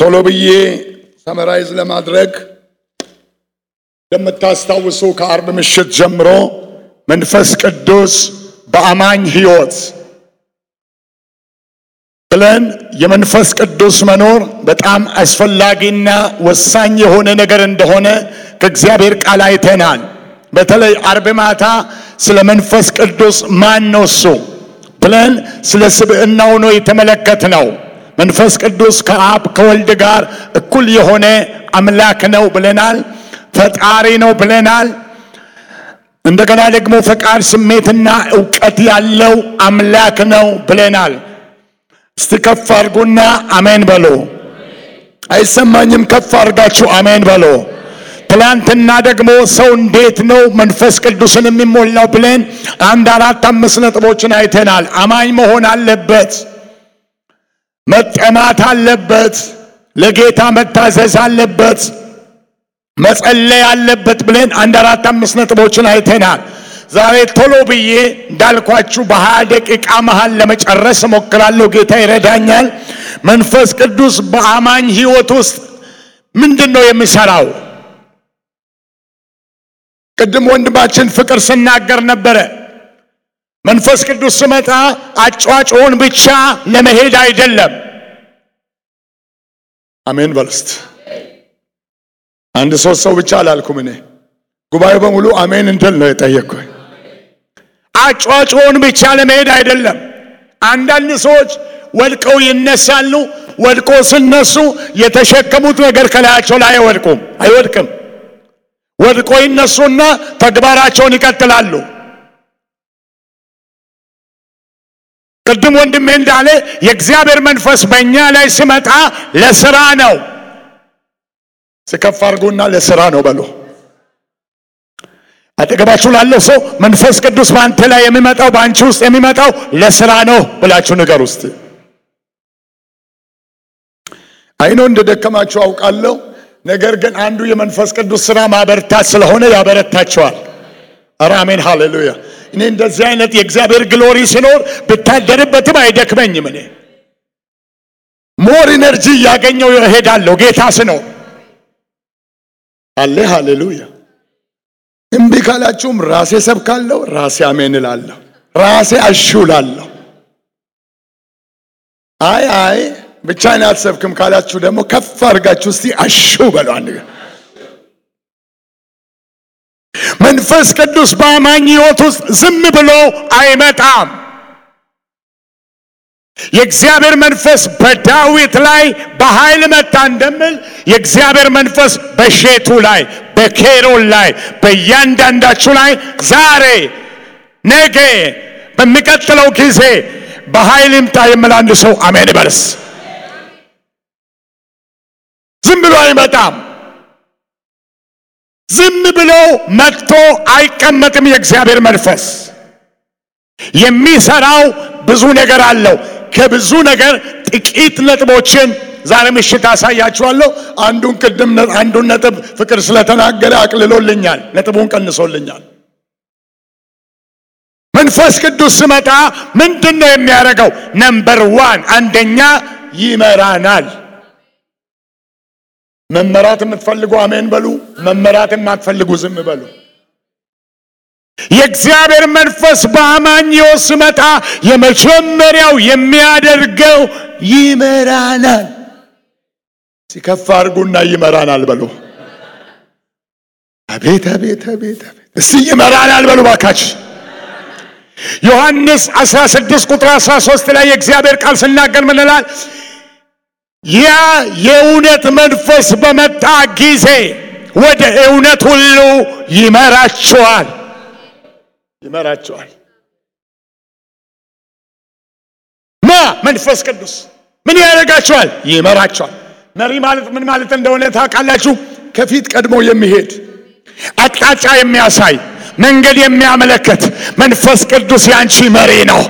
ቶሎ ብዬ ሰመራይዝ ለማድረግ እንደምታስታውሱ ከአርብ ምሽት ጀምሮ መንፈስ ቅዱስ በአማኝ ሕይወት ብለን የመንፈስ ቅዱስ መኖር በጣም አስፈላጊና ወሳኝ የሆነ ነገር እንደሆነ ከእግዚአብሔር ቃል አይተናል። በተለይ አርብ ማታ ስለ መንፈስ ቅዱስ ማን ነው እሱ ብለን ስለ ስብዕናው ነው ነው። መንፈስ ቅዱስ ከአብ ከወልድ ጋር እኩል የሆነ አምላክ ነው ብለናል። ፈጣሪ ነው ብለናል። እንደገና ደግሞ ፈቃድ፣ ስሜትና እውቀት ያለው አምላክ ነው ብለናል። እስቲ ከፍ አድርጉና አሜን በሎ። አይሰማኝም? ከፍ አድርጋችሁ አሜን በሎ። ትላንትና ደግሞ ሰው እንዴት ነው መንፈስ ቅዱስን የሚሞላው ብለን አንድ አራት አምስት ነጥቦችን አይተናል። አማኝ መሆን አለበት። መጠማት አለበት፣ ለጌታ መታዘዝ አለበት፣ መጸለይ አለበት ብለን አንድ አራት አምስት ነጥቦችን አይተናል። ዛሬ ቶሎ ብዬ እንዳልኳችሁ በሀያ ደቂቃ መሃል ለመጨረስ እሞክራለሁ። ጌታ ይረዳኛል። መንፈስ ቅዱስ በአማኝ ሕይወት ውስጥ ምንድን ነው የሚሰራው? ቅድም ወንድማችን ፍቅር ስናገር ነበረ መንፈስ ቅዱስ ስመጣ አጫጫውን ብቻ ለመሄድ አይደለም። አሜን በልስት አንድ ሶስት ሰው ብቻ አላልኩም። እኔ ጉባኤው በሙሉ አሜን እንድል ነው የጠየቅኩኝ። አጫጫውን ብቻ ለመሄድ አይደለም። አንዳንድ ሰዎች ወድቀው ይነሳሉ። ወድቆ ሲነሱ የተሸከሙት ነገር ከላያቸው ላይ አይወድቁም አይወድቅም። ወድቆ ይነሱና ተግባራቸውን ይቀጥላሉ። ቅድም ወንድሜ እንዳለ የእግዚአብሔር መንፈስ በእኛ ላይ ሲመጣ ለስራ ነው። ስከፍ አድርጎና ለስራ ነው በሉ። አጠገባችሁ ላለው ሰው መንፈስ ቅዱስ በአንተ ላይ የሚመጣው በአንቺ ውስጥ የሚመጣው ለስራ ነው ብላችሁ ነገር ውስጥ አይኖ እንደደከማችሁ አውቃለሁ። ነገር ግን አንዱ የመንፈስ ቅዱስ ስራ ማበረታት ስለሆነ ያበረታቸዋል። አራሜን ሃሌሉያ እኔ እንደዚህ አይነት የእግዚአብሔር ግሎሪ ሲኖር ብታደርበትም አይደክመኝም። እኔ ሞር ኢነርጂ እያገኘው እሄዳለሁ። ጌታ ስነው አለ። ሃሌሉያ። እምቢ ካላችሁም ራሴ ሰብካለሁ፣ ራሴ አሜን እላለሁ፣ ራሴ አሹላለሁ። አይ አይ ብቻዬን አልሰብክም ካላችሁ ደግሞ ከፍ አድርጋችሁ እስቲ አሹ በሉ አንድ መንፈስ ቅዱስ በአማኝ ሕይወት ውስጥ ዝም ብሎ አይመጣም። የእግዚአብሔር መንፈስ በዳዊት ላይ በኃይል መጣ እንደምል የእግዚአብሔር መንፈስ በሼቱ ላይ፣ በኬሮን ላይ፣ በእያንዳንዳችሁ ላይ ዛሬ፣ ነገ፣ በሚቀጥለው ጊዜ በኃይል ይምጣ የምል አንድ ሰው አሜን በልስ። ዝም ብሎ አይመጣም። ዝም ብሎ መጥቶ አይቀመጥም። የእግዚአብሔር መንፈስ የሚሰራው ብዙ ነገር አለው። ከብዙ ነገር ጥቂት ነጥቦችን ዛሬ ምሽት አሳያችኋለሁ። አንዱን ቅድም አንዱን ነጥብ ፍቅር ስለተናገረ አቅልሎልኛል፣ ነጥቡን ቀንሶልኛል። መንፈስ ቅዱስ ስመጣ ምንድን ነው የሚያደርገው? ነምበር ዋን አንደኛ ይመራናል። መመራት የምትፈልጉ አሜን በሉ። መመራት የማትፈልጉ ዝም በሉ። የእግዚአብሔር መንፈስ በአማኝ ሲመጣ የመጀመሪያው የሚያደርገው ይመራናል። ሲከፍ አድርጉና ይመራናል በሉ። አቤት አቤት አቤት አቤት! እስቲ ይመራናል በሉ ባካች ዮሐንስ 16 ቁጥር 13 ላይ የእግዚአብሔር ቃል ስናገር ምንላል? ያ የእውነት መንፈስ በመጣ ጊዜ ወደ እውነት ሁሉ ይመራችኋል ይመራችኋል። ማ መንፈስ ቅዱስ ምን ያደርጋችኋል? ይመራችኋል። መሪ ማለት ምን ማለት እንደሆነ ታውቃላችሁ? ከፊት ቀድሞ የሚሄድ አቅጣጫ የሚያሳይ መንገድ የሚያመለክት መንፈስ ቅዱስ ያንቺ መሪ ነው።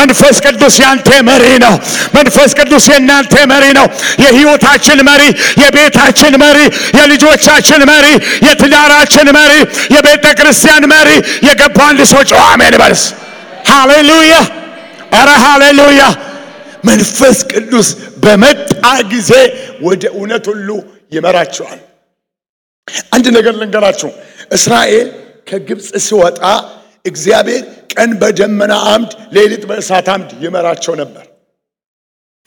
መንፈስ ቅዱስ ያንተ መሪ ነው። መንፈስ ቅዱስ የእናንተ መሪ ነው። የህይወታችን መሪ፣ የቤታችን መሪ፣ የልጆቻችን መሪ፣ የትዳራችን መሪ፣ የቤተ ክርስቲያን መሪ። የገባ አንድ ሰው ጨዋ አሜን በልስ። ሃሌሉያ! አረ ሃሌሉያ! መንፈስ ቅዱስ በመጣ ጊዜ ወደ እውነት ሁሉ ይመራቸዋል። አንድ ነገር ልንገራችሁ እስራኤል ከግብፅ ሲወጣ እግዚአብሔር ቀን በደመና አምድ፣ ሌሊት በእሳት አምድ ይመራቸው ነበር።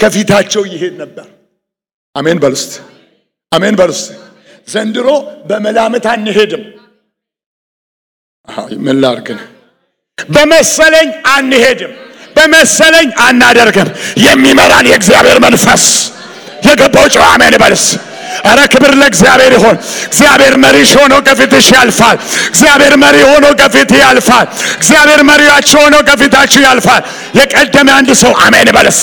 ከፊታቸው ይሄድ ነበር። አሜን በሉስት፣ አሜን በሉስት። ዘንድሮ በመላምት አንሄድም። ምን ላርግን? በመሰለኝ አንሄድም። በመሰለኝ አናደርግም። የሚመራን የእግዚአብሔር መንፈስ የገባው ጭ አሜን በልስ አረ ክብር ለእግዚአብሔር ይሆን። እግዚአብሔር መሪሽ ሆኖ ከፊትሽ ያልፋል። እግዚአብሔር መሪ ሆኖ ከፊት ያልፋል። እግዚአብሔር መሪያችሁ ሆኖ ከፊታችሁ ያልፋል። የቀደመ አንድ ሰው አሜን በለስ።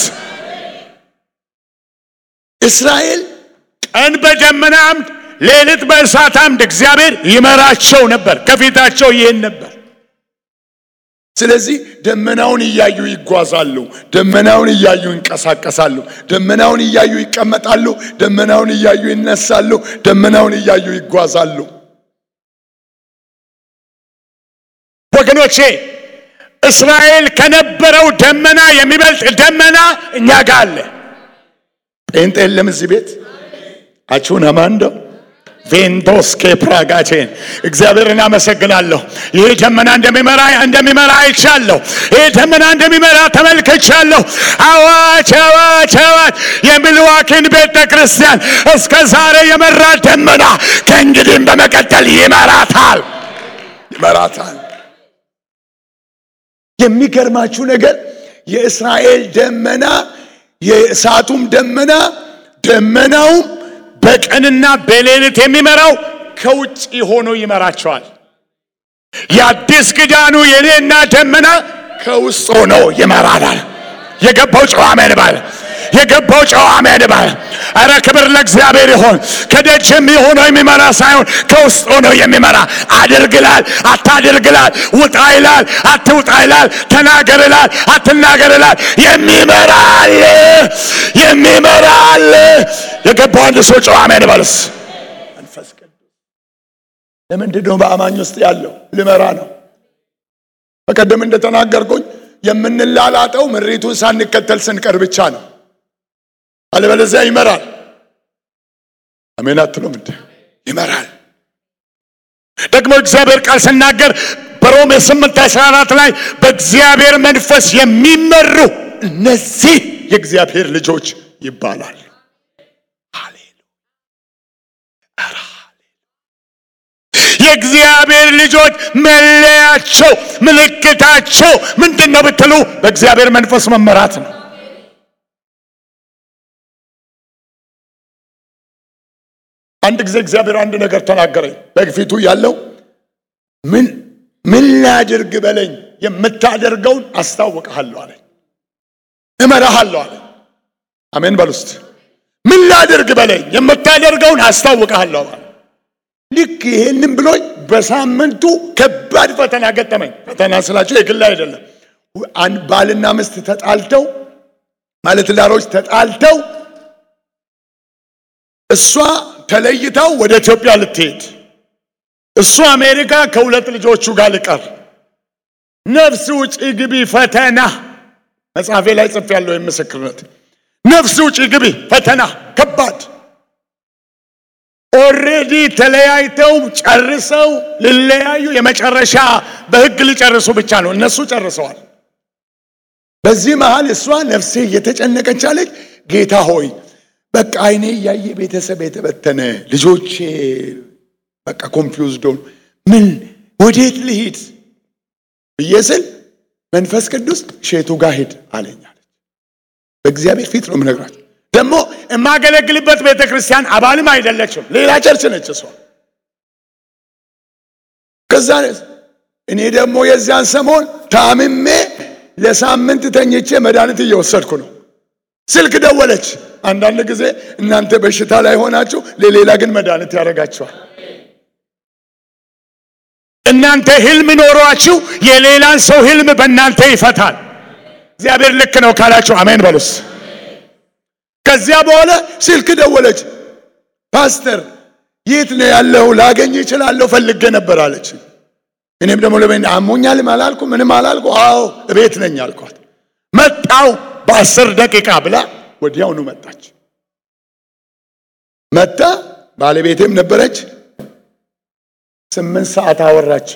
እስራኤል ቀን በደመና አምድ፣ ሌሊት በእሳት አምድ እግዚአብሔር ይመራቸው ነበር። ከፊታቸው ይሄን ነበር። ስለዚህ ደመናውን እያዩ ይጓዛሉ፣ ደመናውን እያዩ ይንቀሳቀሳሉ፣ ደመናውን እያዩ ይቀመጣሉ፣ ደመናውን እያዩ ይነሳሉ፣ ደመናውን እያዩ ይጓዛሉ። ወገኖቼ እስራኤል ከነበረው ደመና የሚበልጥ ደመና እኛ ጋር አለ። ጴንጤ የለም እዚህ ቤት አችሁን አማንደው ቬንዶስኬ ፕራጋቼን እግዚአብሔርን አመሰግናለሁ። ይህ ደመና እንደሚመራ እንደሚመራ አይቻለሁ። ይህ ደመና እንደሚመራ ተመልክቻለሁ። አዋች አዋች አዋች የሚልዋኪን ቤተ ክርስቲያን እስከ ዛሬ የመራ ደመና ከእንግዲህም በመቀጠል ይመራታል ይመራታል። የሚገርማችሁ ነገር የእስራኤል ደመና የእሳቱም ደመና ደመናውም በቀንና በሌሊት የሚመራው ከውጭ ሆኖ ይመራቸዋል። የአዲስ ኪዳኑ የኔና ደመና ከውስጥ ሆኖ ይመራላል። የገባው ጨዋ አሜን በል። የገባው ጨዋ አሜን በል። አረ ክብር ለእግዚአብሔር ይሁን። ከደጅ የሚሆነው የሚመራ ሳይሆን ከውስጥ ሆነው የሚመራ አድርግላል፣ አታድርግላል፣ ውጣ ይላል፣ አትውጣ ይላል፣ ተናገርላል፣ አትናገርላል። የሚመራል የሚመራል። የገባው አንድ ሰው ጨው አሜን በልስ። መንፈስ ቅዱስ ለምንድን ነው በአማኝ ውስጥ ያለው? ልመራ ነው። በቀደም እንደተናገርኩኝ የምንላላጠው ምሪቱን ሳንከተል ስንቀር ብቻ ነው። አለበለዚያ ይመራል። አሜን አትሎም እንደ ይመራል። ደግሞ እግዚአብሔር ቃል ስናገር በሮሜ ስምንት 14 ላይ በእግዚአብሔር መንፈስ የሚመሩ እነዚህ የእግዚአብሔር ልጆች ይባላል። የእግዚአብሔር ልጆች መለያቸው ምልክታቸው ምንድን ነው ብትሉ በእግዚአብሔር መንፈስ መመራት ነው። አንድ ጊዜ እግዚአብሔር አንድ ነገር ተናገረኝ። በግፊቱ ያለው ምን ምን ላድርግ በለኝ፣ የምታደርገውን አስታውቅሃለሁ አለ እመራሃለሁ አለ አሜን በሉስት ምን ላድርግ በለኝ፣ የምታደርገውን አስታውቅሃለሁ አለ ልክ ይሄንን ብሎኝ በሳምንቱ ከባድ ፈተና ገጠመኝ። ፈተና ስላቸው የግል አይደለም። ባልና ምስት ተጣልተው ማለት ዳሮች ተጣልተው እሷ ተለይታው ወደ ኢትዮጵያ ልትሄድ እሱ አሜሪካ ከሁለት ልጆቹ ጋር ልቀር ነፍስ ውጪ ግቢ ፈተና መጽሐፌ ላይ ጽፌያለሁ። ምስክርነት ነፍስ ውጪ ግቢ ፈተና ከባድ ኦሬዲ ተለያይተው ጨርሰው ልለያዩ የመጨረሻ በህግ ሊጨርሱ ብቻ ነው። እነሱ ጨርሰዋል። በዚህ መሃል እሷ ነፍሴ እየተጨነቀች አለች፣ ጌታ ሆይ በቃ አይኔ እያየ ቤተሰብ የተበተነ ልጆቼ በቃ ኮንፊውዝድ ሆኑ። ምን ወዴት ልሂድ ብዬ ስል መንፈስ ቅዱስ ሼቱ ጋር ሂድ አለኛለች። በእግዚአብሔር ፊት ነው ምነግራቸው ደግሞ የማገለግልበት ቤተ ክርስቲያን አባልም አይደለችም። ሌላ ቸርች ነች እሷ። ከዛ እኔ ደግሞ የዚያን ሰሞን ታምሜ ለሳምንት ተኝቼ መድኃኒት እየወሰድኩ ነው። ስልክ ደወለች። አንዳንድ ጊዜ እናንተ በሽታ ላይ ሆናችሁ ለሌላ ግን መድኃኒት ያደረጋችኋል እናንተ ህልም ኖሯችሁ የሌላን ሰው ህልም በእናንተ ይፈታል። እግዚአብሔር ልክ ነው ካላችሁ አሜን በሉስ። ከዚያ በኋላ ስልክ ደወለች። ፓስተር የት ነው ያለው? ላገኝ እችላለሁ? ፈልጌ ነበር አለች። እኔም ደግሞ ለበ አሞኛልም አላልኩ ምንም አላልኩ። አዎ እቤት ነኝ አልኳት። መጣው በአስር ደቂቃ ብላ ወዲያውኑ መጣች። መጣ ባለቤቴም ነበረች። ስምንት ሰዓት አወራች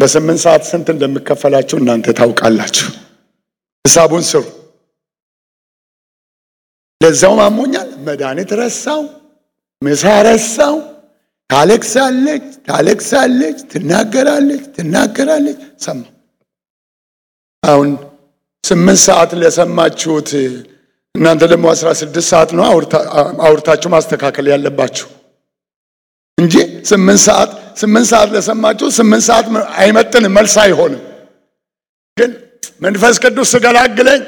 በስምንት ሰዓት ስንት እንደምከፈላችሁ እናንተ ታውቃላችሁ። ሂሳቡን ስሩ። ለዛው ማሞኛል። መድኃኒት ረሳው፣ ምሳ ረሳው። ታለቅሳለች ታለቅሳለች፣ ትናገራለች ትናገራለች። ሰማ አሁን ስምንት ሰዓት ለሰማችሁት እናንተ ደግሞ አስራ ስድስት ሰዓት ነው አውርታችሁ ማስተካከል ያለባችሁ እንጂ ስምንት ሰዓት ስምንት ሰዓት ለሰማችሁ ስምንት ሰዓት አይመጥንም፣ መልስ አይሆንም። ግን መንፈስ ቅዱስ ስገላግለኝ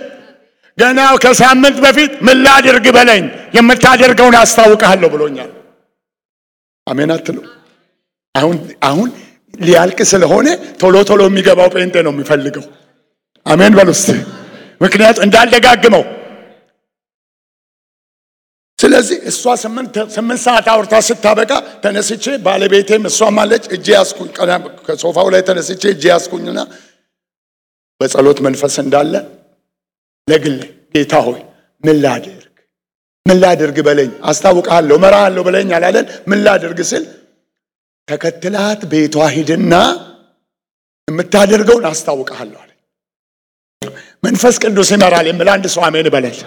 ገና ከሳምንት በፊት ምን ላድርግ በለኝ የምታደርገውን አስታውቀሃለሁ ብሎኛል። አሜን አትሉ? አሁን አሁን ሊያልቅ ስለሆነ ቶሎ ቶሎ የሚገባው ጴንጤ ነው የሚፈልገው። አሜን በሉስ። ምክንያቱ እንዳልደጋግመው። ስለዚህ እሷ ስምንት ሰዓት አውርታ ስታበቃ ተነስቼ ባለቤቴም እሷ ማለች እጄ ያስኩኝ ከሶፋው ላይ ተነስቼ እጄ ያስኩኝና በጸሎት መንፈስ እንዳለ ለግል ጌታ ሆይ ምን ላድርግ? ምን ላድርግ በለኝ፣ አስታውቃለሁ፣ መራሃለሁ በለኝ አላለን። ምን ላድርግ ስል ተከትላት ቤቷ ሂድና የምታደርገውን አስታውቃለሁ አለ። መንፈስ ቅዱስ ይመራል የምል አንድ ሰው አሜን በለል።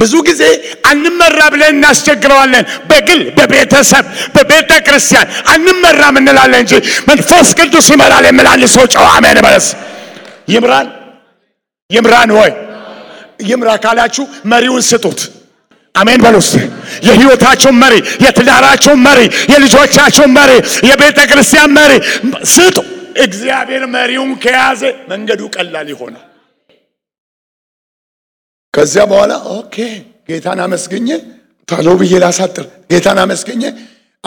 ብዙ ጊዜ አንመራ ብለን እናስቸግረዋለን። በግል በቤተሰብ በቤተ ክርስቲያን አንመራ ምንላለን እንጂ መንፈስ ቅዱስ ይመራል የምል አንድ ሰው ጨዋ አሜን በለስ ይምራል። ይምራን ወይ ይምራ ካላችሁ መሪውን ስጡት። አሜን በሉስ። የህይወታቸውን መሪ፣ የትዳራቸውን መሪ፣ የልጆቻቸውን መሪ፣ የቤተ ክርስቲያን መሪ ስጡ። እግዚአብሔር መሪውን ከያዘ መንገዱ ቀላል ይሆናል። ከዚያ በኋላ ኦኬ ጌታን አመስግኘ ታሎ ብዬ ላሳጥር። ጌታን አመስግኘ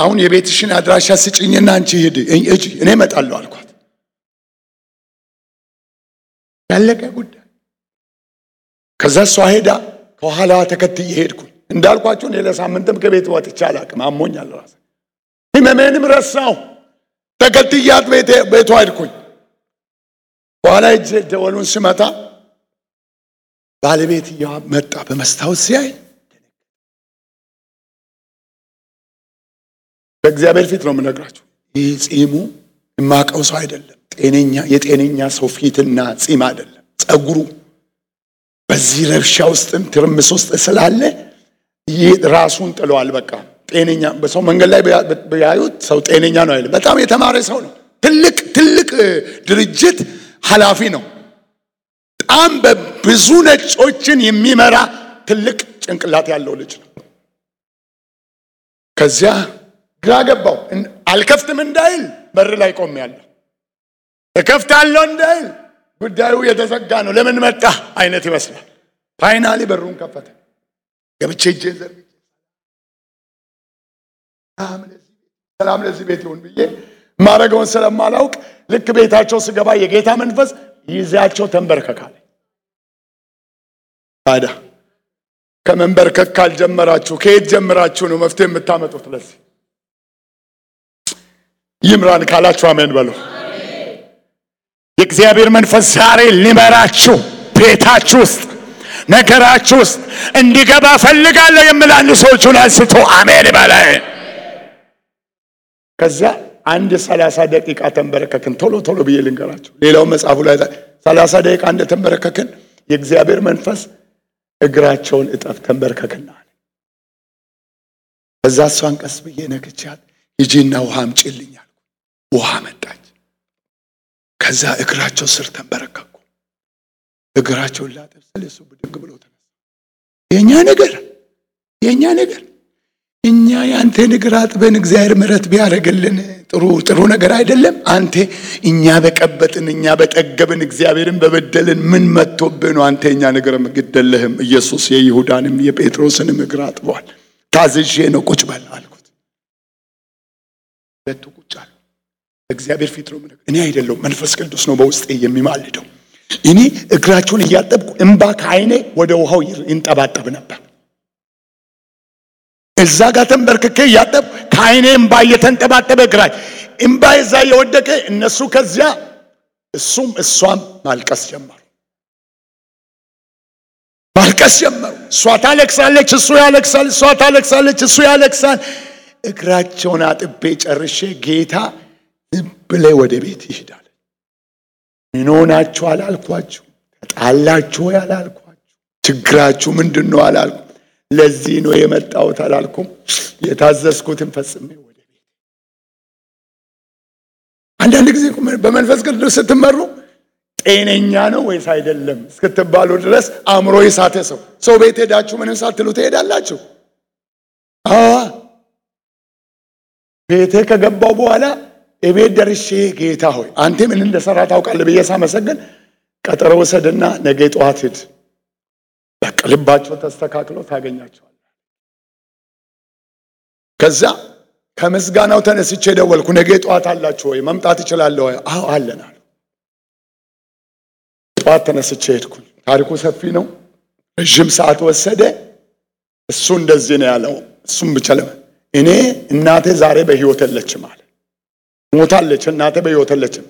አሁን የቤትሽን አድራሻ ስጭኝና አንቺ ሂድ እጅ እኔ እመጣለሁ አልኳት። ያለቀ ጉዳይ ከዛ እሷ ሄዳ ከኋላዋ ተከትዬ ሄድኩኝ። እንዳልኳችሁ እኔ ለሳምንትም ከቤት ወጥቼ አላቅም፣ አሞኛል። ራሴ ህመሜንም ረሳሁ። ተከትያት ቤቷ ሄድኩኝ። በኋላ እጅ ደወሉን ስመታ ባለቤትየዋ መጣ። በመስታወት ሲያይ በእግዚአብሔር ፊት ነው የምነግራችሁ፣ ይህ ጺሙ የማቀው ሰው አይደለም። ጤነኛ የጤነኛ ሰው ፊትና ጺም አይደለም፣ ጸጉሩ በዚህ ረብሻ ውስጥም ትርምስ ውስጥ ስላለ ራሱን ጥለዋል። በቃ ጤነኛ በሰው መንገድ ላይ ያዩት ሰው ጤነኛ ነው አይልም። በጣም የተማረ ሰው ነው። ትልቅ ትልቅ ድርጅት ኃላፊ ነው። በጣም በብዙ ነጮችን የሚመራ ትልቅ ጭንቅላት ያለው ልጅ ነው። ከዚያ ግራ ገባው። አልከፍትም እንዳይል በር ላይ ቆም ቆሜያለሁ፣ እከፍታለሁ እንዳይል ጉዳዩ የተዘጋ ነው። ለምን መጣ አይነት ይመስላል። ፋይናሊ በሩን ከፈተ። ገብቼ እጄን ዘርግቼ ሰላም ለዚህ ቤት ይሁን ብዬ ማድረገውን ስለማላውቅ ልክ ቤታቸው ስገባ የጌታ መንፈስ ይዛቸው ተንበርከካል። ታዲያ ከመንበርከክ ካልጀመራችሁ ከየት ጀምራችሁ ነው መፍትሄ የምታመጡት? ለዚህ ይምራን ካላችሁ አሜን በሉ። የእግዚአብሔር መንፈስ ዛሬ ሊመራችሁ ቤታችሁ ውስጥ ነገራችሁ ውስጥ እንዲገባ ፈልጋለሁ የምላሉ አንድ ሰው አንስቶ አሜን ይበለ። ከዛ አንድ ሰላሳ ደቂቃ ተንበረከክን። ቶሎ ቶሎ ብዬ ልንገራቸው ሌላውን መጽሐፉ ላይ ሰላሳ ደቂቃ እንደተንበረከክን የእግዚአብሔር መንፈስ እግራቸውን እጠፍ ተንበርከክና በዛ እሷን ቀስ ብዬ ነክቻት ይጂና ውሃ አምጪልኛል ውሃ መን ከዛ እግራቸው ስር ተንበረከኩ። እግራቸውን ላጠብ ስል እሱ ብድግ ብሎ ተነሳ። የእኛ ነገር የእኛ ነገር እኛ የአንተን እግር አጥበን እግዚአብሔር ምረት ቢያደርግልን ጥሩ ጥሩ ነገር አይደለም። አንተ እኛ በቀበጥን እኛ በጠገብን እግዚአብሔርን በበደልን ምን መጥቶብህ ነው? አንተ የእኛን እግር ግደለህም። ኢየሱስ የይሁዳንም የጴጥሮስንም እግር አጥቧል። ታዝዤ ነው ቁጭ በል አልኩት። እግዚአብሔር ፊት ነው። እኔ አይደለሁም መንፈስ ቅዱስ ነው በውስጤ የሚማልደው። እኔ እግራቸውን እያጠብኩ እምባ ከአይኔ ወደ ውሃው ይንጠባጠብ ነበር። እዛ ጋር ተንበርክኬ እያጠብኩ ከአይኔ እምባ እየተንጠባጠበ ግራ እምባ እዛ እየወደቀ እነሱ ከዚያ እሱም እሷም ማልቀስ ጀመሩ። ማልቀስ ጀመሩ። እሷ ታለቅሳለች፣ እሱ ያለቅሳል። እሷ ታለቅሳለች፣ እሱ ያለቅሳል። እግራቸውን አጥቤ ጨርሼ ጌታ ብለ ወደ ቤት ይሄዳል። ምን ሆናችሁ አላልኳችሁ? ተጣላችሁ ወይ አላልኳችሁ? ችግራችሁ ምንድን ነው አላልኩም? ለዚህ ነው የመጣሁት አላልኩም? የታዘዝኩትን ፈጽሜ ወደ ቤት። አንዳንድ ጊዜ በመንፈስ ቅዱስ ስትመሩ ጤነኛ ነው ወይስ አይደለም እስክትባሉ ድረስ አእምሮ የሳተ ሰው ሰው ቤት ሄዳችሁ ምንም ሳትሉ ትሄዳላችሁ። ቤቴ ከገባው በኋላ እቤት ደርሼ ጌታ ሆይ አንተ ምን እንደሰራ ታውቃለህ ብዬ ሳመሰግን ቀጠሮ ውሰድና ነገ ጠዋት ሂድ፣ በቃ ልባቸው ተስተካክሎ ታገኛቸዋል። ከዛ ከምስጋናው ተነስቼ ደወልኩ። ነገ ጠዋት አላችሁ ወይ መምጣት እችላለሁ? አዎ አለን አሉ። ጠዋት ተነስቼ ሄድኩ። ታሪኩ ሰፊ ነው፣ ረዥም ሰዓት ወሰደ። እሱ እንደዚህ ነው ያለው። እሱም ብቻ እኔ እናቴ ዛሬ በህይወት የለችም አለ ሞታለች እናቴ በሕይወተለችም።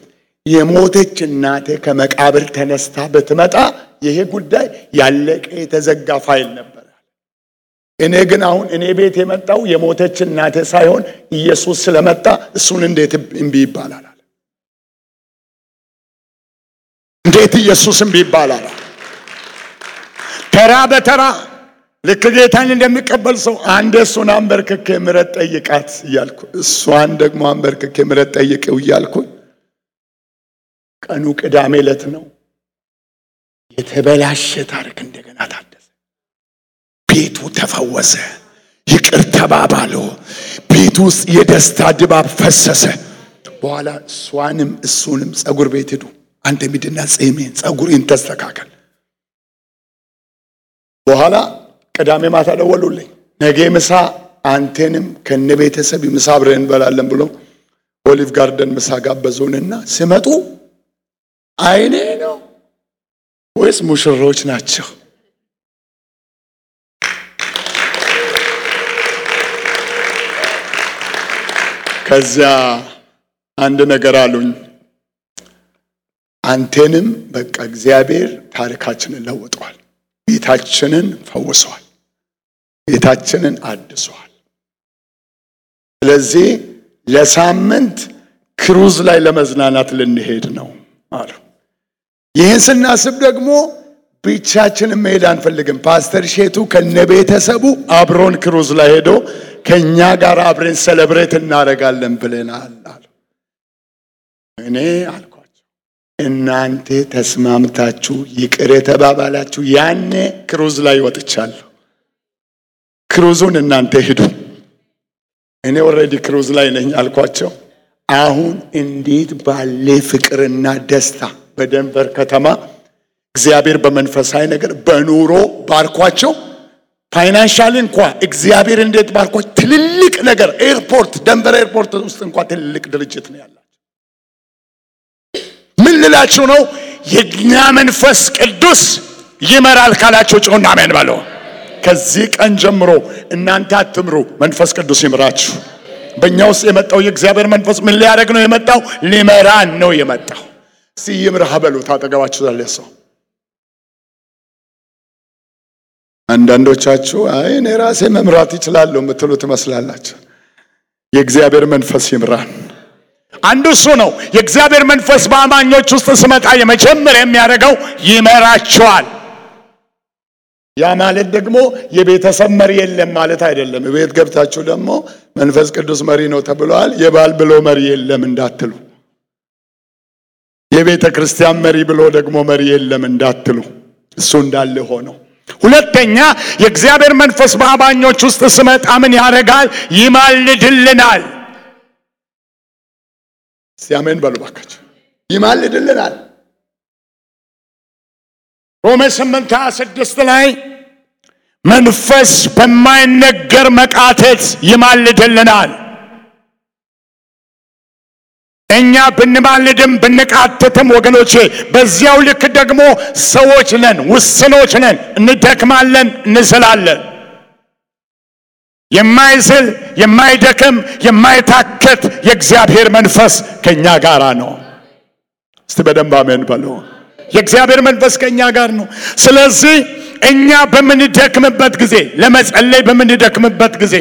የሞተች እናቴ ከመቃብር ተነስታ ብትመጣ ይሄ ጉዳይ ያለቀ የተዘጋ ፋይል ነበር። እኔ ግን አሁን እኔ ቤት የመጣው የሞተች እናቴ ሳይሆን ኢየሱስ ስለመጣ እሱን እንዴት እምቢ ይባላል? እንዴት ኢየሱስ እምቢ ይባላል? ተራ በተራ ልክ ጌታን እንደሚቀበል ሰው አንድ እሱን አንበርክኬ ምረት ጠይቃት እያልኩ እሷን ደግሞ አንበርክኬ ምረት ጠይቀው እያልኩ ቀኑ ቅዳሜ ዕለት ነው። የተበላሸ ታሪክ እንደገና ታደሰ። ቤቱ ተፈወሰ። ይቅር ተባባሉ። ቤቱ ውስጥ የደስታ ድባብ ፈሰሰ። በኋላ እሷንም እሱንም ጸጉር ቤት ሄዱ። አንተ ሚድና ጺሜን ጸጉሬን ተስተካከል በኋላ ቅዳሜ ማታ ደወሉልኝ። ነገ ምሳ አንቴንም ከነ ቤተሰብ ምሳ አብረን እንበላለን ብሎ ኦሊቭ ጋርደን ምሳ ጋበዙንና ሲመጡ አይኔ ነው ወይስ ሙሽሮች ናቸው? ከዚያ አንድ ነገር አሉኝ። አንቴንም በቃ እግዚአብሔር ታሪካችንን ለውጠዋል ቤታችንን ፈውሰዋል። ቤታችንን አድሷል። ስለዚህ ለሳምንት ክሩዝ ላይ ለመዝናናት ልንሄድ ነው አሉ። ይህን ስናስብ ደግሞ ብቻችንን መሄድ አንፈልግም። ፓስተር ሼቱ ከነቤተሰቡ አብሮን ክሩዝ ላይ ሄዶ ከእኛ ጋር አብረን ሰለብሬት እናደርጋለን ብለናል አሉ። እኔ አልኳቸው እናንተ ተስማምታችሁ ይቅር የተባባላችሁ ያኔ ክሩዝ ላይ ወጥቻለሁ ክሩዙን እናንተ ሂዱ። እኔ ኦልሬዲ ክሩዝ ላይ ነኝ አልኳቸው። አሁን እንዴት ባለ ፍቅርና ደስታ በደንቨር ከተማ እግዚአብሔር በመንፈሳዊ ነገር በኑሮ ባርኳቸው። ፋይናንሻል እንኳ እግዚአብሔር እንዴት ባርኳቸው። ትልልቅ ነገር ኤርፖርት፣ ደንቨር ኤርፖርት ውስጥ እንኳ ትልልቅ ድርጅት ነው ያላቸው። ምን ልላችሁ ነው? የእኛ መንፈስ ቅዱስ ይመራል ካላቸው ጮና አሜን በለው። ከዚህ ቀን ጀምሮ እናንተ አትምሩ፣ መንፈስ ቅዱስ ይምራችሁ። በእኛ ውስጥ የመጣው የእግዚአብሔር መንፈስ ምን ሊያደርግ ነው የመጣው? ሊመራን ነው የመጣው። እስቲ ይምርህ በሉት አጠገባችሁ ያለ ሰው። አንዳንዶቻችሁ አይ እኔ ራሴ መምራት ይችላለሁ የምትሉ ትመስላላችሁ። የእግዚአብሔር መንፈስ ይምራን። አንዱ እሱ ነው። የእግዚአብሔር መንፈስ በአማኞች ውስጥ ስመጣ የመጀመሪያ የሚያደርገው ይመራቸዋል። ያ ማለት ደግሞ የቤተሰብ መሪ የለም ማለት አይደለም። ቤት ገብታችሁ ደግሞ መንፈስ ቅዱስ መሪ ነው ተብለዋል። የባል ብሎ መሪ የለም እንዳትሉ፣ የቤተ ክርስቲያን መሪ ብሎ ደግሞ መሪ የለም እንዳትሉ፣ እሱ እንዳለ ሆነው ሁለተኛ የእግዚአብሔር መንፈስ በአማኞች ውስጥ ስመጣ ምን ያደርጋል? ይማልድልናል። ሲያመን በሉ ባካችሁ። ይማልድልናል። ሮሜ 8 26 ላይ መንፈስ በማይነገር መቃተት ይማልድልናል። እኛ ብንማልድም ብንቃተትም ወገኖቼ፣ በዚያው ልክ ደግሞ ሰዎች ነን፣ ውስኖች ነን፣ እንደክማለን፣ እንዝላለን። የማይዝል የማይደክም የማይታከት የእግዚአብሔር መንፈስ ከእኛ ጋር ነው። እስቲ በደንብ አሜን በሉ። የእግዚአብሔር መንፈስ ከእኛ ጋር ነው። ስለዚህ እኛ በምንደክምበት ጊዜ፣ ለመጸለይ በምንደክምበት ጊዜ፣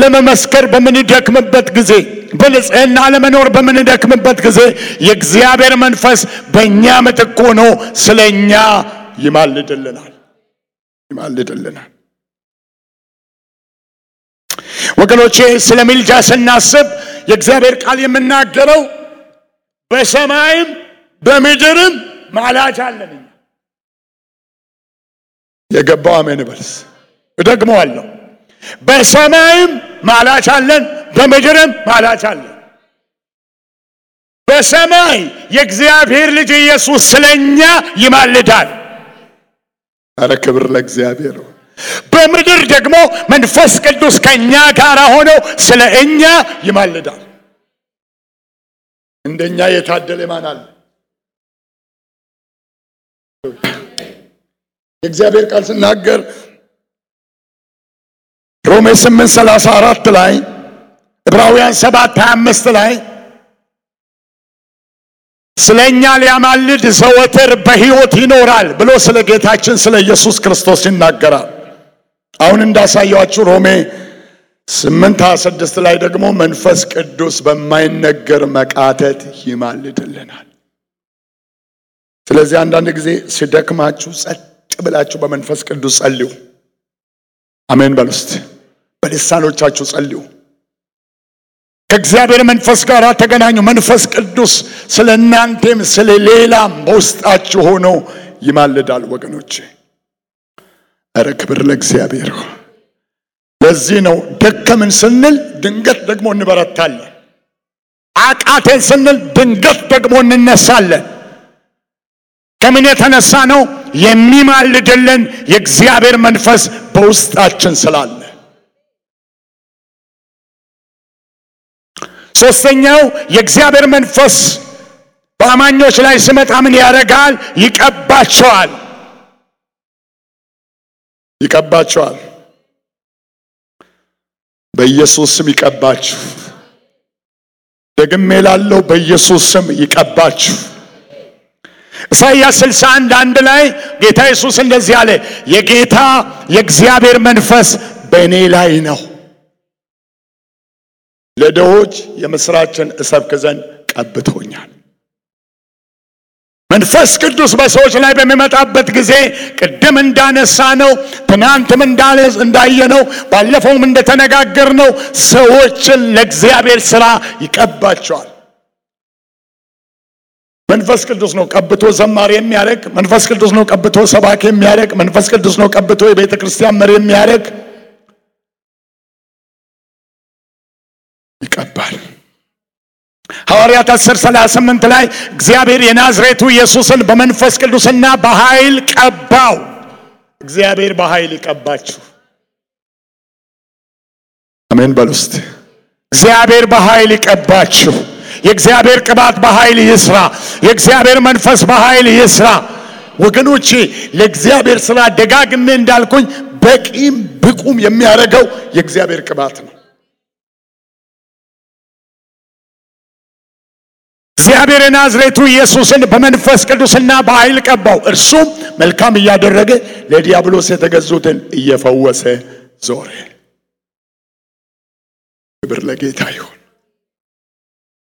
ለመመስከር በምንደክምበት ጊዜ፣ በንጽህና ለመኖር በምንደክምበት ጊዜ የእግዚአብሔር መንፈስ በእኛ ምትክ ሆኖ ስለ እኛ ይማልድልናል ይማልድልናል። ወገኖቼ ስለ ምልጃ ስናስብ የእግዚአብሔር ቃል የምናገረው በሰማይም በምድርም ማላጅ አለን። የገባው አሜን በልስ። እደግመዋለሁ። በሰማይም ማላች አለን፣ በምድርም ማላች አለን። በሰማይ የእግዚአብሔር ልጅ ኢየሱስ ስለኛ ይማልዳል። አረ ክብር ለእግዚአብሔር። በምድር ደግሞ መንፈስ ቅዱስ ከእኛ ጋር ሆነው ስለ እኛ ይማልዳል። እንደኛ የታደለ ማን አለ? የእግዚአብሔር ቃል ስናገር ሮሜ 8 34 ላይ ዕብራውያን 7 25 ላይ ስለ እኛ ሊያማልድ ዘወትር በሕይወት ይኖራል ብሎ ስለ ጌታችን ስለ ኢየሱስ ክርስቶስ ይናገራል። አሁን እንዳሳያችሁ ሮሜ 8 26 ላይ ደግሞ መንፈስ ቅዱስ በማይነገር መቃተት ይማልድልናል። ስለዚህ አንዳንድ ጊዜ ሲደክማችሁ ጸጥ ብላችሁ በመንፈስ ቅዱስ ጸልዩ። አሜን በልስት በልሳኖቻችሁ ጸልዩ። ከእግዚአብሔር መንፈስ ጋር ተገናኙ። መንፈስ ቅዱስ ስለ እናንተም ስለ ሌላም በውስጣችሁ ሆኖ ይማልዳል። ወገኖቼ፣ እረ ክብር ለእግዚአብሔር። ለዚህ ነው ደከምን ስንል ድንገት ደግሞ እንበረታለን። አቃቴን ስንል ድንገት ደግሞ እንነሳለን። ከምን የተነሳ ነው? የሚማልድልን የእግዚአብሔር መንፈስ በውስጣችን ስላለ ሶስተኛው የእግዚአብሔር መንፈስ በአማኞች ላይ ስመጣ ምን ያደርጋል? ይቀባቸዋል። ይቀባቸዋል። በኢየሱስ ስም ይቀባችሁ። ደግሜ ላለው በኢየሱስ ስም ይቀባችሁ። ኢሳይያስ 61 አንድ ላይ ጌታ ኢየሱስ እንደዚህ አለ፣ የጌታ የእግዚአብሔር መንፈስ በእኔ ላይ ነው፣ ለደዎች የምስራችን እሰብክ ዘንድ ቀብቶኛል። መንፈስ ቅዱስ በሰዎች ላይ በሚመጣበት ጊዜ ቅድም እንዳነሳ ነው፣ ትናንትም ነው ባለፈውም እንደተነጋገር ነው፣ ሰዎችን ለእግዚአብሔር ስራ ይቀባቸዋል። መንፈስ ቅዱስ ነው ቀብቶ ዘማሪ የሚያደርግ፣ መንፈስ ቅዱስ ነው ቀብቶ ሰባክ የሚያደርግ፣ መንፈስ ቅዱስ ነው ቀብቶ የቤተ ክርስቲያን መሪ የሚያደርግ። ይቀባል። ሐዋርያት 10 38 ላይ እግዚአብሔር የናዝሬቱ ኢየሱስን በመንፈስ ቅዱስና በኃይል ቀባው። እግዚአብሔር በኃይል ይቀባችሁ። አሜን በሉ እስቲ። እግዚአብሔር በኃይል ይቀባችሁ። የእግዚአብሔር ቅባት በኃይል ይስራ። የእግዚአብሔር መንፈስ በኃይል ይስራ። ወገኖቼ ለእግዚአብሔር ስራ ደጋግሜ እንዳልኩኝ በቂም ብቁም የሚያደርገው የእግዚአብሔር ቅባት ነው። እግዚአብሔር የናዝሬቱ ኢየሱስን በመንፈስ ቅዱስና በኃይል ቀባው፣ እርሱም መልካም እያደረገ ለዲያብሎስ የተገዙትን እየፈወሰ ዞረ። ክብር ለጌታ ይሁን።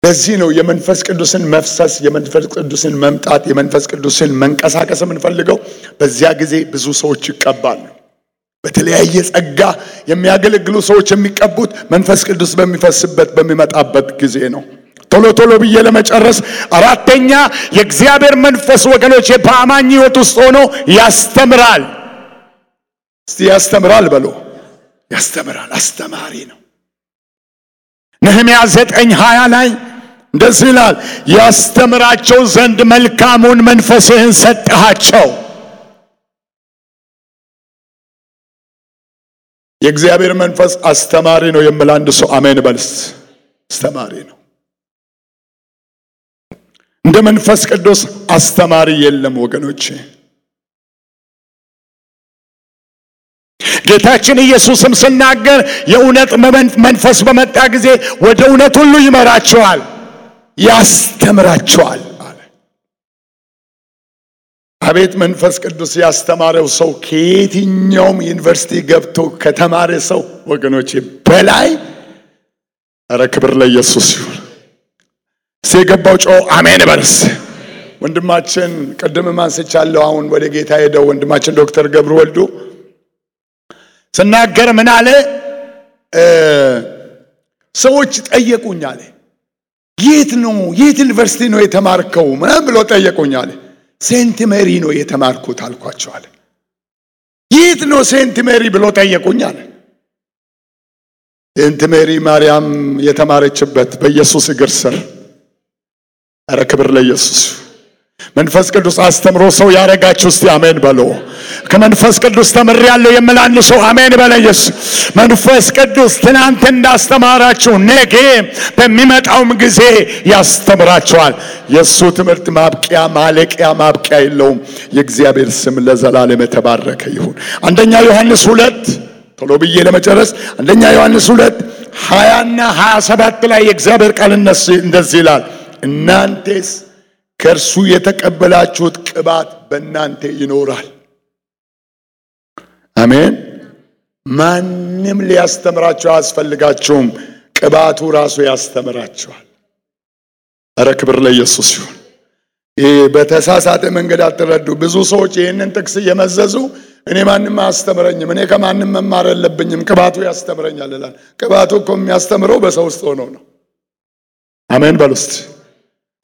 ለዚህ ነው የመንፈስ ቅዱስን መፍሰስ የመንፈስ ቅዱስን መምጣት የመንፈስ ቅዱስን መንቀሳቀስ የምንፈልገው። በዚያ ጊዜ ብዙ ሰዎች ይቀባሉ። በተለያየ ጸጋ የሚያገለግሉ ሰዎች የሚቀቡት መንፈስ ቅዱስ በሚፈስበት በሚመጣበት ጊዜ ነው። ቶሎ ቶሎ ብዬ ለመጨረስ፣ አራተኛ የእግዚአብሔር መንፈስ ወገኖች በአማኝ ሕይወት ውስጥ ሆኖ ያስተምራል። እስቲ ያስተምራል በሎ ያስተምራል። አስተማሪ ነው። ነህምያ ዘጠኝ ሀያ ላይ እንደዚህ ይላል ያስተምራቸው ዘንድ መልካሙን መንፈስህን ሰጠሃቸው። የእግዚአብሔር መንፈስ አስተማሪ ነው የሚል አንድ ሰው አሜን በልስ። አስተማሪ ነው። እንደ መንፈስ ቅዱስ አስተማሪ የለም ወገኖቼ። ጌታችን ኢየሱስም ስናገር የእውነት መንፈስ በመጣ ጊዜ ወደ እውነት ሁሉ ይመራቸዋል፣ ያስተምራቸዋል አለ። አቤት መንፈስ ቅዱስ ያስተማረው ሰው ከየትኛውም ዩኒቨርሲቲ ገብቶ ከተማረ ሰው ወገኖቼ በላይ ኧረ ክብር ለኢየሱስ ይሁን። የገባው ጮ አሜን በርስ ወንድማችን ቅድም ማንስቻለሁ። አሁን ወደ ጌታ ሄደው ወንድማችን ዶክተር ገብሩ ወልዱ ስናገር ምን አለ? ሰዎች ጠየቁኝ አለ። የት ነው የት ዩኒቨርሲቲ ነው የተማርከው ምናምን ብሎ ጠየቁኝ አለ። ሴንት ሜሪ ነው የተማርኩት አልኳቸው አለ። የት ነው ሴንት ሜሪ ብሎ ጠየቁኝ አለ። ሴንት ሜሪ ማርያም የተማረችበት በኢየሱስ እግር ስር። ኧረ ክብር ለኢየሱስ። መንፈስ ቅዱስ አስተምሮ ሰው ያረጋችሁ እስቲ አሜን በሉ። ከመንፈስ ቅዱስ ተምሬያለሁ የምላን ሰው አሜን በለየስ። መንፈስ ቅዱስ ትናንት እንዳስተማራችሁ ነገ በሚመጣውም ጊዜ ያስተምራችኋል። የእሱ ትምህርት ማብቂያ ማለቂያ ማብቂያ የለውም። የእግዚአብሔር ስም ለዘላለም የተባረከ ይሁን። አንደኛ ዮሐንስ ሁለት ቶሎ ብዬ ለመጨረስ አንደኛ ዮሐንስ ሁለት ሀያና ሀያ ሰባት ላይ የእግዚአብሔር ቃል እንደዚህ ይላል እናንቴስ ከእርሱ የተቀበላችሁት ቅባት በእናንተ ይኖራል። አሜን። ማንም ሊያስተምራችሁ አያስፈልጋችሁም። ቅባቱ ራሱ ያስተምራችኋል። እረ ክብር ለኢየሱስ ይሁን። ይህ በተሳሳተ መንገድ አትረዱ። ብዙ ሰዎች ይህንን ጥቅስ እየመዘዙ እኔ ማንም አያስተምረኝም፣ እኔ ከማንም መማር የለብኝም፣ ቅባቱ ያስተምረኛል ይላል። ቅባቱ እኮ የሚያስተምረው በሰው ውስጥ ሆኖ ነው። አሜን በል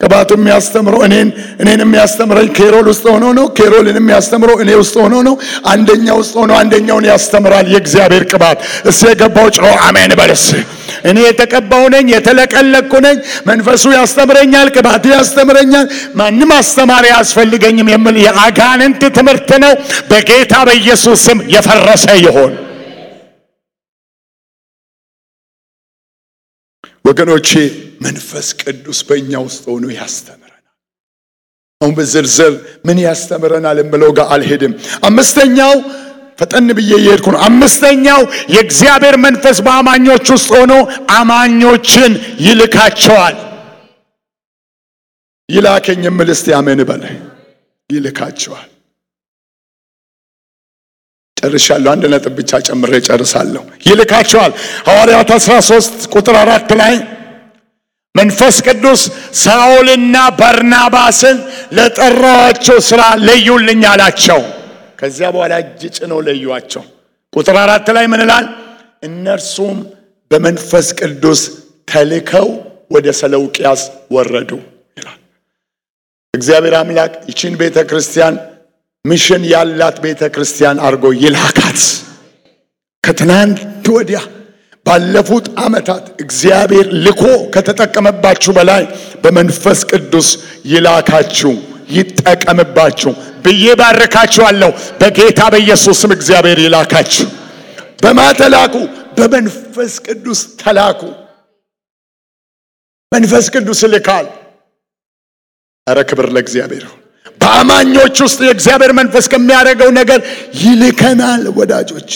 ቅባቱ የሚያስተምረው እኔን እኔን የሚያስተምረኝ ኬሮል ውስጥ ሆኖ ነው። ኬሮልን የሚያስተምረው እኔ ውስጥ ሆኖ ነው። አንደኛ ውስጥ ሆኖ አንደኛውን ያስተምራል የእግዚአብሔር ቅባት። እሱ የገባው ጮ አሜን በለስ። እኔ የተቀባው ነኝ፣ የተለቀለኩ ነኝ። መንፈሱ ያስተምረኛል፣ ቅባቱ ያስተምረኛል። ማንም አስተማሪ አያስፈልገኝም የሚል የአጋንንት ትምህርት ነው። በጌታ በኢየሱስ ስም የፈረሰ ይሆን። ወገኖቼ መንፈስ ቅዱስ በእኛ ውስጥ ሆኖ ያስተምረናል። አሁን በዝርዝር ምን ያስተምረናል የምለው ጋር አልሄድም። አምስተኛው ፈጠን ብዬ እየሄድኩ ነው። አምስተኛው የእግዚአብሔር መንፈስ በአማኞች ውስጥ ሆኖ አማኞችን ይልካቸዋል። ይላከኝ የምልስት ያመን በለ ይልካቸዋል ጨርሻለሁ። አንድ ነጥብ ብቻ ጨምሬ ጨርሳለሁ። ይልካቸዋል። ሐዋርያት 13 ቁጥር 4 ላይ መንፈስ ቅዱስ ሳኦልና በርናባስን ለጠራዋቸው ሥራ ለዩልኝ አላቸው። ከዚያ በኋላ እጅ ጭነው ለዩዋቸው። ቁጥር አራት ላይ ምን ይላል? እነርሱም በመንፈስ ቅዱስ ተልከው ወደ ሰለውቅያስ ወረዱ ይላል። እግዚአብሔር አምላክ ይችን ቤተ ክርስቲያን ሚሽን ያላት ቤተ ክርስቲያን አድርጎ ይላካት። ከትናንት ወዲያ ባለፉት ዓመታት እግዚአብሔር ልኮ ከተጠቀመባችሁ በላይ በመንፈስ ቅዱስ ይላካችሁ ይጠቀምባችሁ ብዬ ባረካችኋለሁ። በጌታ በኢየሱስም እግዚአብሔር ይላካችሁ። በማተላኩ በመንፈስ ቅዱስ ተላኩ። መንፈስ ቅዱስ ይልካል አረ ክብር ለእግዚአብሔር። በአማኞች ውስጥ የእግዚአብሔር መንፈስ ከሚያደርገው ነገር ይልከናል። ወዳጆች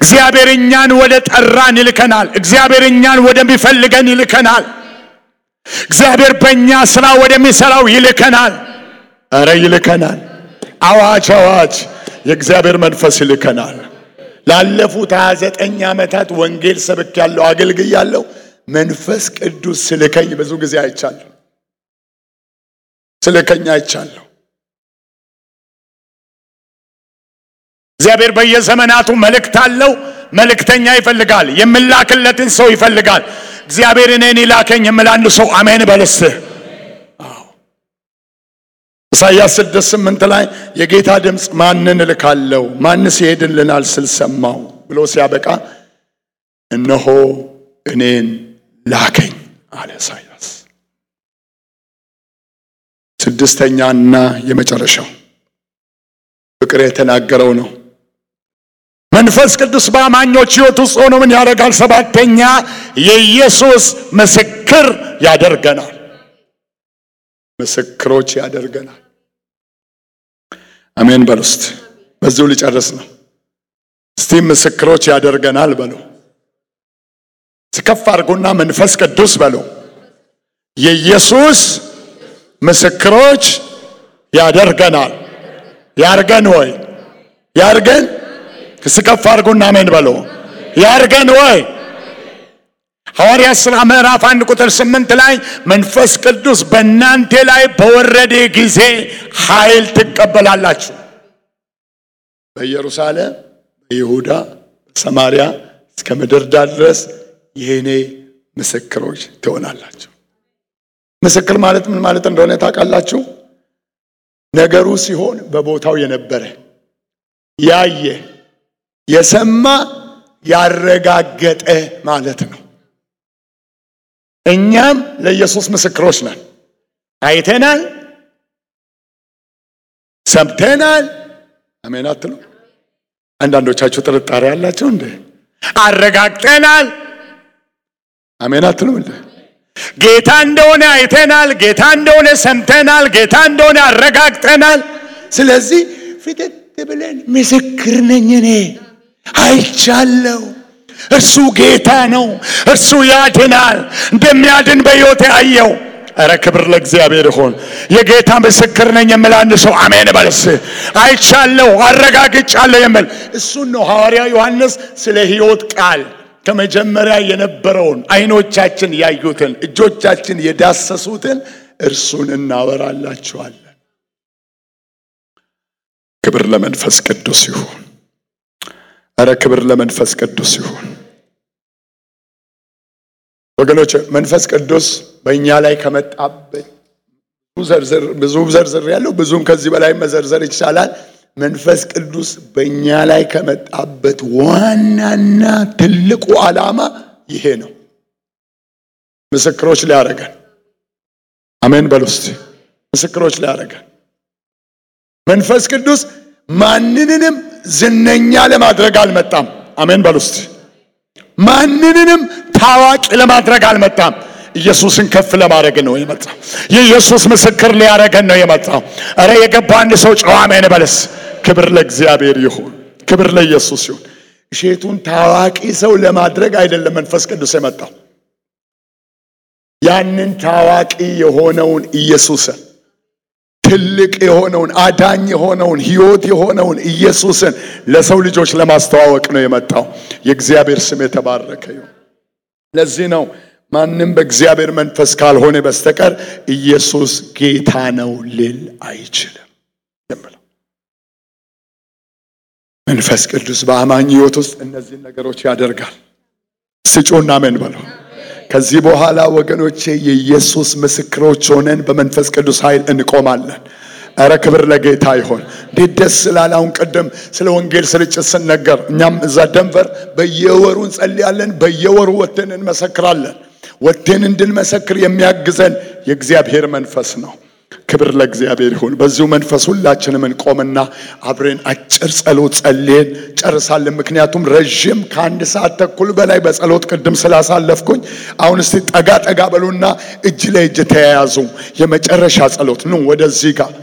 እግዚአብሔር እኛን ወደ ጠራን ይልከናል። እግዚአብሔር እኛን ወደሚፈልገን ይልከናል። እግዚአብሔር በእኛ ስራ ወደሚሰራው ይልከናል። እረ ይልከናል። አዋጅ አዋጅ! የእግዚአብሔር መንፈስ ይልከናል። ላለፉት 29 ዓመታት ወንጌል ሰብክ ያለው ያለው መንፈስ ቅዱስ ስልከኝ ብዙ ጊዜ አይቻለሁ። ስለ ከኛ አይቻለሁ። እግዚአብሔር በየዘመናቱ መልእክት አለው። መልእክተኛ ይፈልጋል። የምላክለትን ሰው ይፈልጋል። እግዚአብሔር እኔን ይላከኝ የምላንዱ ሰው አሜን በለስ ኢሳያስ ስድስት ስምንት ላይ የጌታ ድምፅ ማንን እልካለሁ ማንስ ይሄድልናል ስል ሰማሁ ብሎ ሲያበቃ እነሆ እኔን ላከኝ አለ ኢሳያስ። ስድስተኛና የመጨረሻው ፍቅር የተናገረው ነው። መንፈስ ቅዱስ በአማኞች ሕይወት ውስጥ ሆኖ ምን ያደርጋል? ሰባተኛ የኢየሱስ ምስክር ያደርገናል። ምስክሮች ያደርገናል። አሜን በሉ። እስቲ በዚሁ ሊጨርስ ነው። እስቲ ምስክሮች ያደርገናል በሉ። ከፍ አድርጎና መንፈስ ቅዱስ በሉ የኢየሱስ ምስክሮች ያደርገናል። ያርገን ወይ ያርገን። ስከፍ አድርጉና አሜን በሉ። ያርገን ወይ ሐዋርያት ሥራ ምዕራፍ አንድ ቁጥር ስምንት ላይ መንፈስ ቅዱስ በእናንተ ላይ በወረደ ጊዜ ኃይል ትቀበላላችሁ። በኢየሩሳሌም፣ በይሁዳ፣ በሰማርያ እስከ ምድር ዳር ድረስ የእኔ ምስክሮች ትሆናላችሁ። ምስክር ማለት ምን ማለት እንደሆነ ታውቃላችሁ? ነገሩ ሲሆን በቦታው የነበረ ያየ፣ የሰማ፣ ያረጋገጠ ማለት ነው። እኛም ለኢየሱስ ምስክሮች ነን። አይተናል፣ ሰምተናል። አሜን አትሉ? አንዳንዶቻችሁ ጥርጣሬ አላችሁ እንዴ? አረጋግጠናል። አሜን አትሉ እንዴ? ጌታ እንደሆነ አይተናል። ጌታ እንደሆነ ሰምተናል። ጌታ እንደሆነ አረጋግጠናል። ስለዚህ ፍትት ብለን ምስክር ነኝ እኔ አይቻለሁ። እርሱ ጌታ ነው። እርሱ ያድናል። እንደሚያድን በሕይወቴ አየው። እረ ክብር ለእግዚአብሔር ይሁን። የጌታ ምስክር ነኝ የምል አንድ ሰው አሜን በልስ። አይቻለሁ፣ አረጋግጫለሁ የምል እሱን ነው ሐዋርያ ዮሐንስ ስለ ሕይወት ቃል ከመጀመሪያ የነበረውን አይኖቻችን ያዩትን እጆቻችን የዳሰሱትን እርሱን እናወራላችኋለን። ክብር ለመንፈስ ቅዱስ ይሁን። እረ ክብር ለመንፈስ ቅዱስ ይሁን። ወገኖች መንፈስ ቅዱስ በእኛ ላይ ከመጣበት ብዙ ዘርዝር ያለው ብዙም ከዚህ በላይ መዘርዘር ይቻላል። መንፈስ ቅዱስ በእኛ ላይ ከመጣበት ዋናና ትልቁ ዓላማ ይሄ ነው። ምስክሮች ሊያደርገን አሜን በሉ እስቲ። ምስክሮች ሊያደርገን መንፈስ ቅዱስ ማንንንም ዝነኛ ለማድረግ አልመጣም። አሜን በሉ እስቲ። ማንንንም ታዋቂ ለማድረግ አልመጣም። ኢየሱስን ከፍ ለማድረግ ነው የመጣ። የኢየሱስ ምስክር ሊያደርገን ነው የመጣ። እረ የገባ አንድ ሰው ጨዋ አሜን በለስ። ክብር ለእግዚአብሔር ይሁን፣ ክብር ለኢየሱስ ይሁን። እሼቱን ታዋቂ ሰው ለማድረግ አይደለም መንፈስ ቅዱስ የመጣው ያንን ታዋቂ የሆነውን ኢየሱስን ትልቅ የሆነውን አዳኝ የሆነውን ሕይወት የሆነውን ኢየሱስን ለሰው ልጆች ለማስተዋወቅ ነው የመጣው። የእግዚአብሔር ስም የተባረከ ይሁን። ለዚህ ነው ማንም በእግዚአብሔር መንፈስ ካልሆነ በስተቀር ኢየሱስ ጌታ ነው ሊል አይችልም። መንፈስ ቅዱስ በአማኝ ህይወት ውስጥ እነዚህን ነገሮች ያደርጋል። ስጩና ምን በለው። ከዚህ በኋላ ወገኖቼ የኢየሱስ ምስክሮች ሆነን በመንፈስ ቅዱስ ኃይል እንቆማለን። እረ ክብር ለጌታ ይሆን። እንዴት ደስ ስላለ አሁን ቅድም ስለ ወንጌል ስርጭት ስንነገር እኛም እዛ ደንቨር በየወሩ እንጸልያለን፣ በየወሩ ወጥተን እንመሰክራለን። ወደን እንድንመሰክር የሚያግዘን የእግዚአብሔር መንፈስ ነው። ክብር ለእግዚአብሔር ይሁን። በዚሁ መንፈስ ሁላችንም እንቆምና አብረን አጭር ጸሎት ጸልየን ጨርሳለን። ምክንያቱም ረዥም ከአንድ ሰዓት ተኩል በላይ በጸሎት ቅድም ስላሳለፍኩኝ፣ አሁን እስቲ ጠጋ ጠጋ በሉና እጅ ለእጅ ተያያዙ። የመጨረሻ ጸሎት ነው። ወደዚህ ጋር